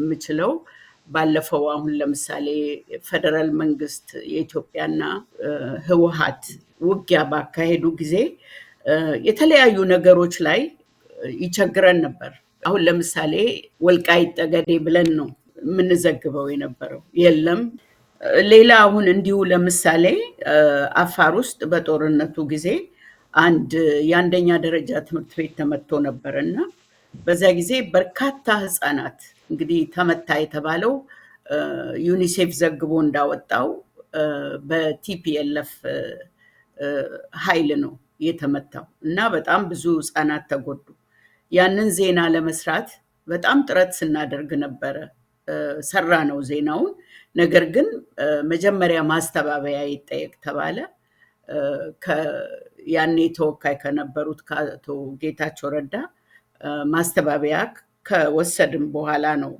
የምችለው ባለፈው አሁን ለምሳሌ ፌደራል መንግስት የኢትዮጵያና ህወሀት ውጊያ ባካሄዱ ጊዜ የተለያዩ ነገሮች ላይ ይቸግረን ነበር። አሁን ለምሳሌ ወልቃይት ጠገዴ ብለን ነው የምንዘግበው የነበረው የለም። ሌላ አሁን እንዲሁ ለምሳሌ አፋር ውስጥ በጦርነቱ ጊዜ አንድ የአንደኛ ደረጃ ትምህርት ቤት ተመትቶ ነበር እና በዚያ ጊዜ በርካታ ህፃናት እንግዲህ ተመታ የተባለው ዩኒሴፍ ዘግቦ እንዳወጣው በቲፒኤልፍ ኃይል ነው የተመታው እና በጣም ብዙ ህፃናት ተጎዱ። ያንን ዜና ለመስራት በጣም ጥረት ስናደርግ ነበረ። ሰራ ነው ዜናውን። ነገር ግን መጀመሪያ ማስተባበያ ይጠየቅ ተባለ። ያኔ ተወካይ ከነበሩት ከአቶ ጌታቸው ረዳ ማስተባበያ ከወሰድን በኋላ ነው